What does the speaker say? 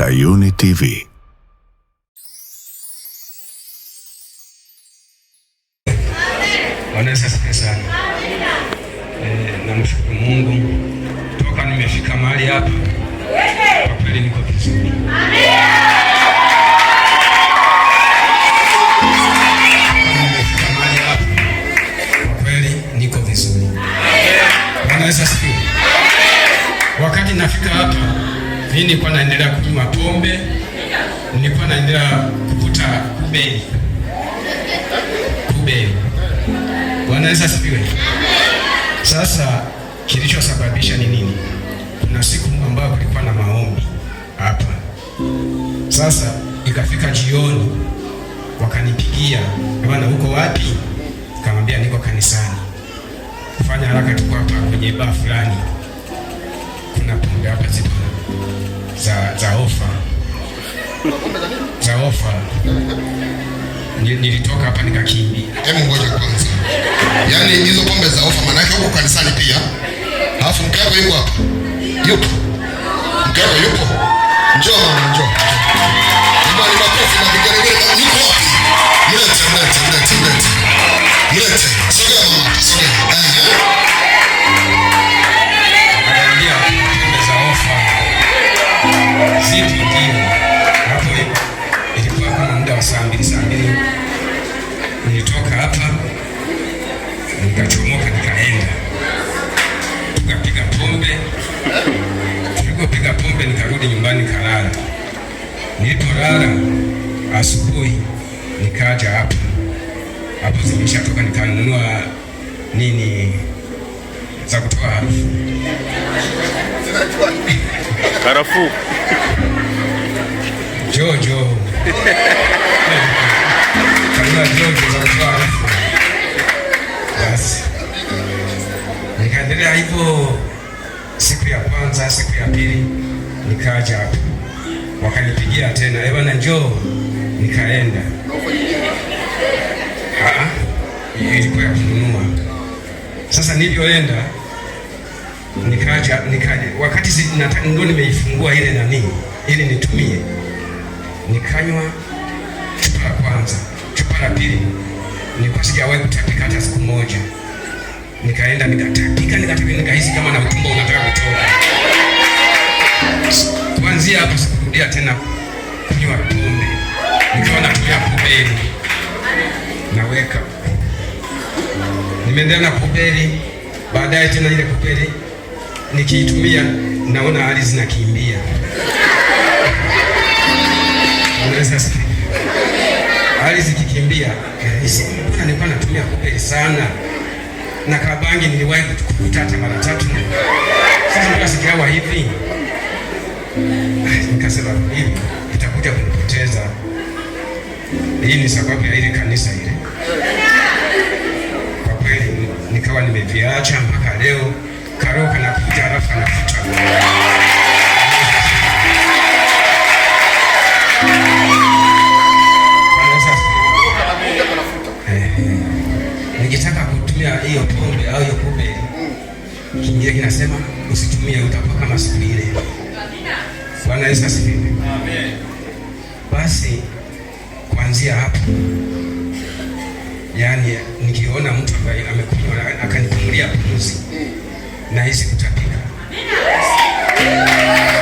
sa Uni TV. Bwana asifiwe sana. Eh, namshukuru Mungu nafika hapa, mimi nilikuwa naendelea kunywa pombe, nilikuwa naendelea kuvuta kube kube. Bwana Yesu asifiwe. Sasa kilichosababisha ni nini? Kuna siku ambayo kulikuwa na maombi hapa. Sasa ikafika jioni, wakanipigia bwana, uko wapi? Nikamwambia niko kanisani, kufanya haraka, tuko hapa kwenye baa fulani za za ofa za ofa nilitoka hapa nikakimbia. Hebu ngoja kwanza, yaani hizo pombe za ofa, maana yake huko kanisani pia. Alafu mkeo yuko hapa, yupo mkeo, yupo njoo mama, njoo Mlete, mlete, mlete, mlete, mlete, sogea mama, sogea gazeti wa saa mbili hapa nikachomoka nikaenda, tukapiga pombe. Tulipopiga pombe nikarudi asubuhi nikaja hapa hapo, zimeshatoka nikanunua nini za kutoa harufu karafuu Jojo kanua Jojo na kwa harufu. Basi nikaendelea hivyo, siku ya kwanza, siku ya pili nikaja hapo, wakanipigia tena, "Eh, bwana, njoo. Nikaenda, ilikuwa ya kununua. Sasa nilivyoenda nikaja nikaja, wakati ndio nimeifungua ile nani ili nitumie nikanywa chupa la kwanza, chupa la pili nikasikia wewe kutapika hata siku moja. Nikaenda nikatapika, nikatapika, nikahisi kama na utumbo unataka kutoka. Kuanzia hapo sikurudia tena kunywa pombe, nikawa natumia kubeli, naweka nimeendelea na kubeli. Baadaye tena ile kubeli nikiitumia, naona hali zinakimbia Hali zikikimbia, mbona nilikuwa natumia kupeli sana. Na kabangi niliwahi kutukuta hata mara tatu. Sasa ndio sikiawa hivi. Nikasema hivi itakuja kunipoteza. Hii ni sababu ya ile kanisa ile. Kwa kweli nikawa nimeviacha mpaka leo. Karoka na kuja alafu na angalau kumbe kingine kinasema usitumie, utakuwa kama siku ile. Bwana Yesu asifiwe. Amen. Basi kuanzia hapo, yaani nikiona mtu ambaye amekunywa akanifungulia pumzi, na hizi kutapika. Amina.